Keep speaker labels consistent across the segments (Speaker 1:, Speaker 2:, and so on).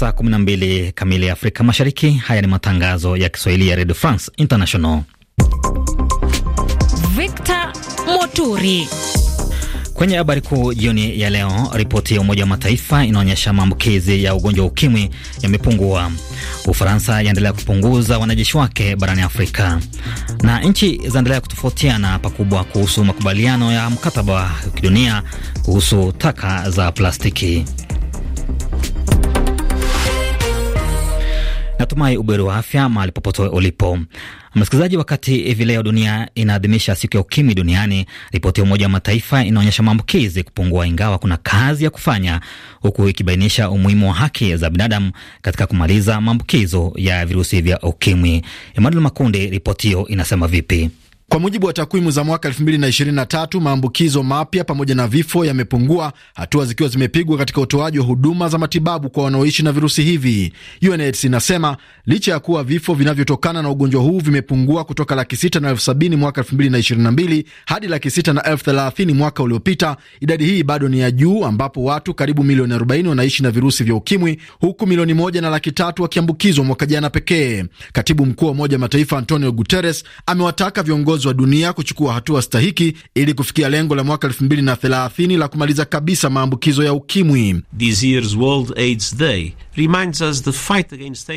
Speaker 1: saa 12 kamili ya Afrika Mashariki. Haya ni matangazo ya Kiswahili ya Radio France International. Victor Moturi Kwenye habari kuu jioni ya leo, ripoti ya Umoja wa Mataifa inaonyesha maambukizi ya ugonjwa wa ukimwi yamepungua. Ufaransa yaendelea kupunguza wanajeshi wake barani Afrika, na nchi zaendelea kutofautiana pakubwa kuhusu makubaliano ya mkataba wa kidunia kuhusu taka za plastiki. Natumai uberi wa afya mahali popote ulipo msikilizaji. Wakati hivi leo dunia inaadhimisha siku ya ukimwi duniani, ripoti ya Umoja wa Mataifa inaonyesha maambukizi kupungua, ingawa kuna kazi ya kufanya, huku ikibainisha umuhimu wa haki za binadamu katika kumaliza maambukizo ya virusi vya ukimwi. Emmanuel Makundi, ripoti hiyo inasema vipi? Kwa mujibu
Speaker 2: wa takwimu za mwaka 2023 maambukizo mapya pamoja na vifo yamepungua, hatua zikiwa zimepigwa katika utoaji wa huduma za matibabu kwa wanaoishi na virusi hivi. UNAIDS inasema licha ya kuwa vifo vinavyotokana na ugonjwa huu vimepungua kutoka laki sita na elfu sabini mwaka 2022 hadi laki sita na elfu thelathini mwaka uliopita, idadi hii bado ni ya juu, ambapo watu karibu milioni 40 wanaishi na virusi vya ukimwi, huku milioni moja na laki tatu wakiambukizwa mwaka jana pekee. Katibu mkuu wa Umoja Mataifa Antonio Guterres amewataka viongozi viongozi wa dunia kuchukua hatua stahiki ili kufikia lengo la mwaka 2030 la kumaliza kabisa maambukizo ya ukimwi.
Speaker 3: This year's World AIDS Day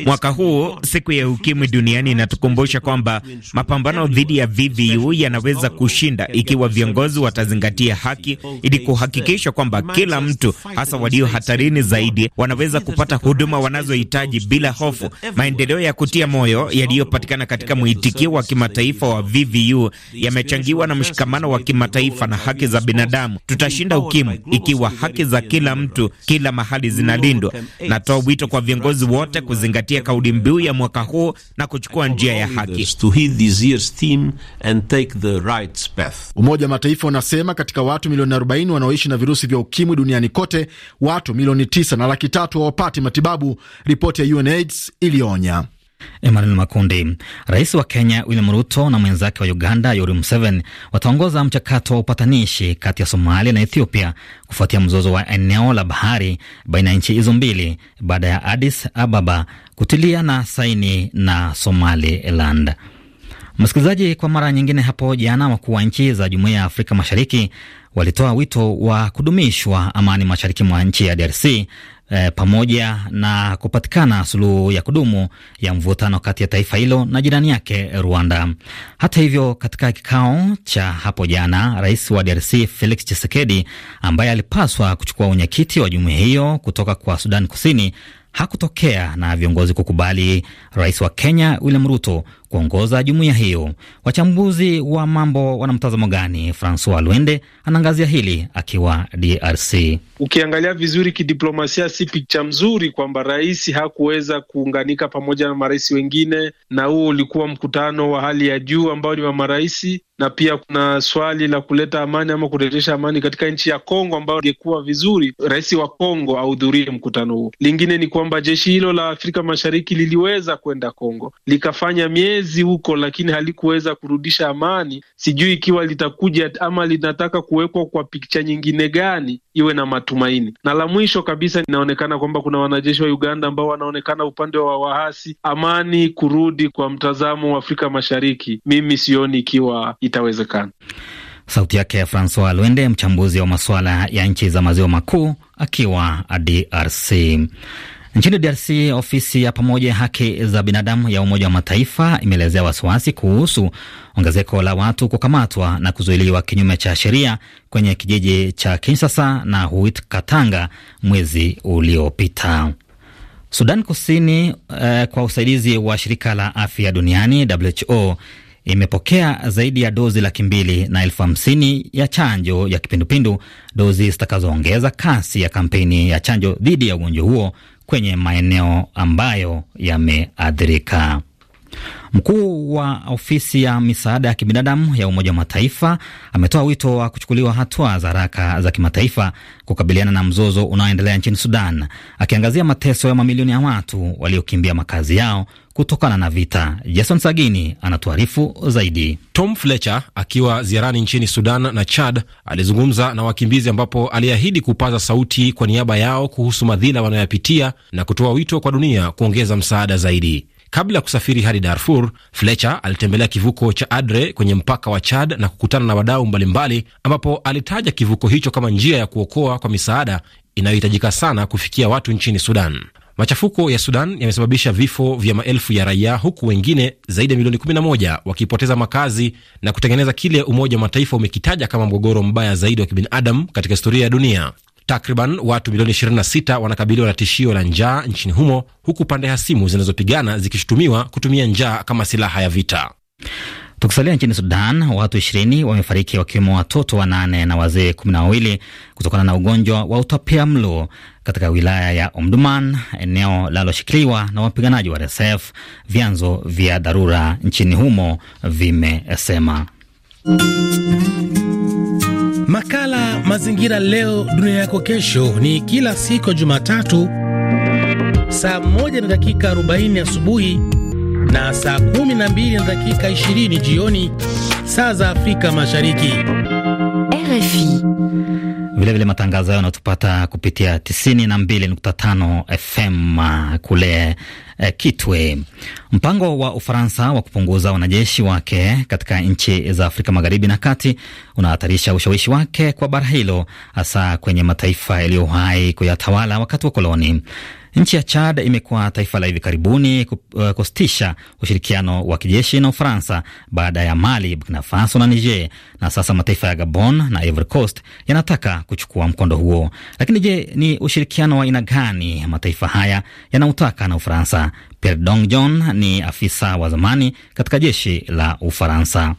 Speaker 3: Mwaka huu siku ya ukimwi duniani inatukumbusha kwamba mapambano dhidi ya VVU yanaweza kushinda ikiwa viongozi watazingatia haki, ili kuhakikisha kwamba kila mtu, hasa walio hatarini zaidi, wanaweza kupata huduma wanazohitaji bila hofu. Maendeleo ya kutia moyo yaliyopatikana katika mwitikio wa kimataifa wa VVU yamechangiwa na mshikamano wa kimataifa na haki za binadamu. Tutashinda ukimwi ikiwa haki za kila mtu kila mahali zinalindwa. Natoa wito kwa viongozi wote kuzingatia kauli mbiu ya mwaka huu na kuchukua njia ya haki.
Speaker 2: Umoja wa Mataifa unasema katika watu milioni 40 wanaoishi na virusi vya ukimwi duniani kote, watu milioni 9 na laki tatu hawapati matibabu,
Speaker 1: ripoti ya UNAIDS ilionya. Emmanuel Makundi. Rais wa Kenya William Ruto na mwenzake wa Uganda Yoweri Museveni wataongoza mchakato wa upatanishi kati ya Somalia na Ethiopia kufuatia mzozo wa eneo la bahari baina ya nchi hizo mbili baada ya Addis Ababa kutilia na saini na Somaliland. Msikilizaji, kwa mara nyingine hapo jana, wakuu wa nchi za Jumuiya ya Afrika Mashariki walitoa wito wa kudumishwa amani mashariki mwa nchi ya DRC eh, pamoja na kupatikana suluhu ya kudumu ya mvutano kati ya taifa hilo na jirani yake Rwanda. Hata hivyo, katika kikao cha hapo jana, rais wa DRC Felix Tshisekedi ambaye alipaswa kuchukua unyekiti wa jumuiya hiyo kutoka kwa Sudan Kusini hakutokea na viongozi kukubali rais wa Kenya William Ruto kuongoza jumuiya hiyo. Wachambuzi wa mambo wana mtazamo gani? Francois Luende anaangazia hili akiwa DRC.
Speaker 4: Ukiangalia vizuri kidiplomasia, si picha mzuri kwamba rais hakuweza kuunganika pamoja na marais wengine, na huo ulikuwa mkutano wa hali ya juu ambao ni wa marais na pia kuna swali la kuleta amani ama kurejesha amani katika nchi ya Kongo ambayo ingekuwa vizuri rais wa Kongo ahudhurie mkutano huo. Lingine ni kwamba jeshi hilo la Afrika Mashariki liliweza kwenda Kongo likafanya miezi mwezi huko, lakini halikuweza kurudisha amani. Sijui ikiwa litakuja ama linataka kuwekwa kwa picha nyingine gani iwe na matumaini. Na la mwisho kabisa, inaonekana kwamba kuna wanajeshi wa Uganda ambao wanaonekana upande wa waasi. Amani kurudi kwa mtazamo wa Afrika Mashariki, mimi sioni ikiwa itawezekana.
Speaker 1: Sauti yake ya Francois Lwende, mchambuzi wa masuala ya nchi za maziwa makuu akiwa DRC. Nchini DRC, ofisi ya pamoja ya haki za binadamu ya Umoja wa Mataifa imeelezea wasiwasi kuhusu ongezeko la watu kukamatwa na kuzuiliwa kinyume cha sheria kwenye kijiji cha Kinshasa na Huit Katanga mwezi uliopita. Sudan Kusini, eh, kwa usaidizi wa shirika la afya duniani WHO imepokea zaidi ya dozi laki mbili na elfu hamsini ya chanjo ya kipindupindu, dozi zitakazoongeza kasi ya kampeni ya chanjo dhidi ya ugonjwa huo kwenye maeneo ambayo yameathirika. Mkuu wa ofisi ya misaada ya kibinadamu ya Umoja wa Mataifa ametoa wito wa kuchukuliwa hatua za haraka za kimataifa kukabiliana na mzozo unaoendelea nchini Sudan, akiangazia mateso ya mamilioni ya watu waliokimbia makazi yao kutokana na vita. Jason Sagini anatuarifu zaidi. Tom Fletcher akiwa ziarani nchini Sudan na Chad alizungumza na wakimbizi, ambapo
Speaker 2: aliahidi kupaza sauti kwa niaba yao kuhusu madhila wanayoyapitia na kutoa wito kwa dunia kuongeza msaada zaidi. Kabla ya kusafiri hadi Darfur, Fletcher alitembelea kivuko cha Adre kwenye mpaka wa Chad na kukutana na wadau mbalimbali, ambapo alitaja kivuko hicho kama njia ya kuokoa kwa misaada inayohitajika sana kufikia watu nchini Sudan. Machafuko ya Sudan yamesababisha vifo vya maelfu ya raia huku wengine zaidi ya milioni 11 wakipoteza makazi na kutengeneza kile Umoja wa Mataifa umekitaja kama mgogoro mbaya zaidi wa kibinadamu katika historia ya dunia. Takriban watu milioni 26 wanakabiliwa na tishio la njaa nchini humo, huku
Speaker 1: pande hasimu zinazopigana zikishutumiwa kutumia njaa kama silaha ya vita. Tukisalia nchini Sudan, watu ishirini wamefariki wakiwemo watoto wanane na wazee kumi na wawili kutokana na ugonjwa wa utapia mlo katika wilaya ya Omduman, eneo laloshikiliwa na wapiganaji wa RSF, vyanzo vya dharura nchini humo vimesema.
Speaker 2: Makala Mazingira Leo Dunia Yako Kesho ni kila siku ya Jumatatu saa 1 na dakika 40 asubuhi na saa 12 na dakika 20 jioni saa za Afrika Mashariki.
Speaker 1: RFI. Vilevile matangazo hayo yanatupata kupitia 92.5 FM uh, kule uh, Kitwe. Mpango wa Ufaransa wa kupunguza wanajeshi wake katika nchi za Afrika Magharibi na Kati unahatarisha ushawishi wake kwa bara hilo, hasa kwenye mataifa yaliyo hai kuyatawala wakati wa koloni. Nchi ya Chad imekuwa taifa la hivi karibuni eh, kusitisha ushirikiano wa kijeshi na Ufaransa baada ya Mali, Burkina Faso na Niger, na sasa mataifa ya Gabon na Ivory Coast yanataka kuchukua mkondo huo. Lakini je, ni ushirikiano wa aina gani mataifa haya yanautaka na Ufaransa? Pierre Dong John ni afisa wa zamani katika jeshi la Ufaransa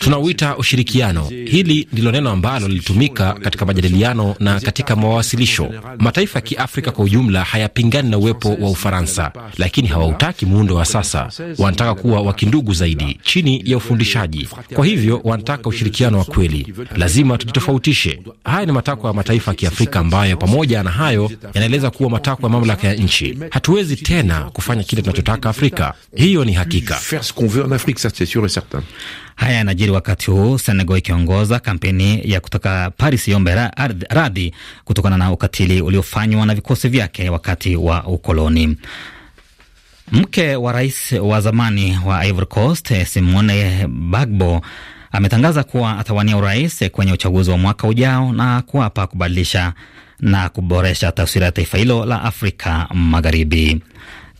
Speaker 1: tunauita ushirikiano. Hili ndilo neno ambalo
Speaker 2: lilitumika katika majadiliano na katika mawasilisho. Mataifa ya Kiafrika kwa ujumla hayapingani na uwepo wa Ufaransa, lakini hawautaki muundo wa sasa. Wanataka kuwa wakindugu zaidi chini ya ufundishaji. Kwa hivyo wanataka ushirikiano wa kweli. Lazima tujitofautishe. Haya ni matakwa ya mataifa ya Kiafrika ambayo pamoja na hayo yanaeleza kuwa matakwa ya mamlaka ya
Speaker 1: nchi. Hatuwezi tena kufanya kile tunachotaka Afrika, hiyo ni hakika certain. Haya yanajiri wakati huu Senegal ikiongoza kampeni ya kutoka Paris iombe radhi kutokana na ukatili uliofanywa na vikosi vyake wakati wa ukoloni. Mke wa rais wa zamani wa Ivory Coast Simone Bagbo ametangaza kuwa atawania urais kwenye uchaguzi wa mwaka ujao na kuapa kubadilisha na kuboresha taswira ya taifa hilo la Afrika Magharibi.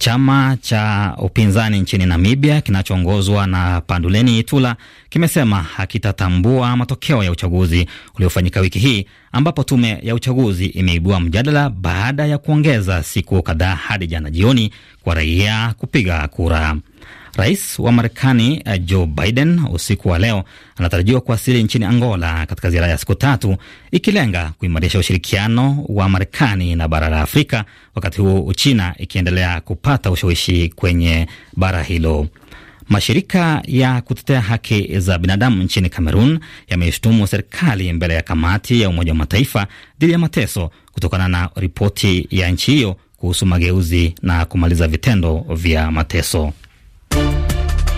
Speaker 1: Chama cha upinzani nchini Namibia kinachoongozwa na Panduleni Itula kimesema hakitatambua matokeo ya uchaguzi uliofanyika wiki hii, ambapo tume ya uchaguzi imeibua mjadala baada ya kuongeza siku kadhaa hadi jana jioni kwa raia kupiga kura. Rais wa Marekani eh, Joe Biden usiku wa leo anatarajiwa kuwasili nchini Angola katika ziara ya siku tatu, ikilenga kuimarisha ushirikiano wa Marekani na bara la Afrika, wakati huo Uchina ikiendelea kupata ushawishi kwenye bara hilo. Mashirika ya kutetea haki za binadamu nchini Kamerun yameishtumu serikali mbele ya kamati ya Umoja wa Mataifa dhidi ya mateso kutokana na ripoti ya nchi hiyo kuhusu mageuzi na kumaliza vitendo vya mateso.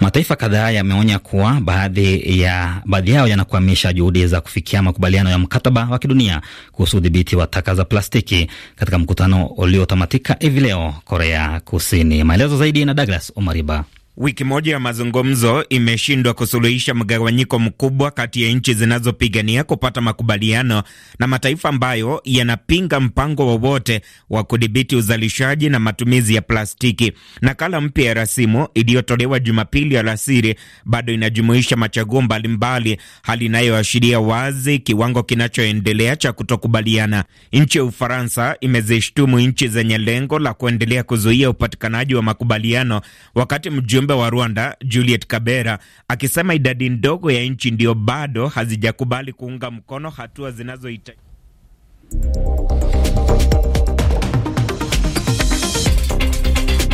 Speaker 1: Mataifa kadhaa yameonya kuwa baadhi ya baadhi yao yanakwamisha juhudi za kufikia makubaliano ya mkataba wa kidunia kuhusu udhibiti wa taka za plastiki katika mkutano uliotamatika hivi leo Korea Kusini. Maelezo zaidi na Douglas Omariba.
Speaker 3: Wiki moja ya mazungumzo imeshindwa kusuluhisha mgawanyiko mkubwa kati ya nchi zinazopigania kupata makubaliano na mataifa ambayo yanapinga mpango wowote wa kudhibiti uzalishaji na matumizi ya plastiki. Nakala mpya ya rasimu iliyotolewa Jumapili alasiri bado inajumuisha machaguo mbalimbali, hali inayoashiria wazi kiwango kinachoendelea cha kutokubaliana. Nchi ya Ufaransa imezishtumu nchi zenye lengo la kuendelea kuzuia upatikanaji wa makubaliano wakati mjumbe mjumbe wa Rwanda Juliet Kabera akisema idadi ndogo ya nchi ndio bado hazijakubali kuunga mkono hatua zinazohitajika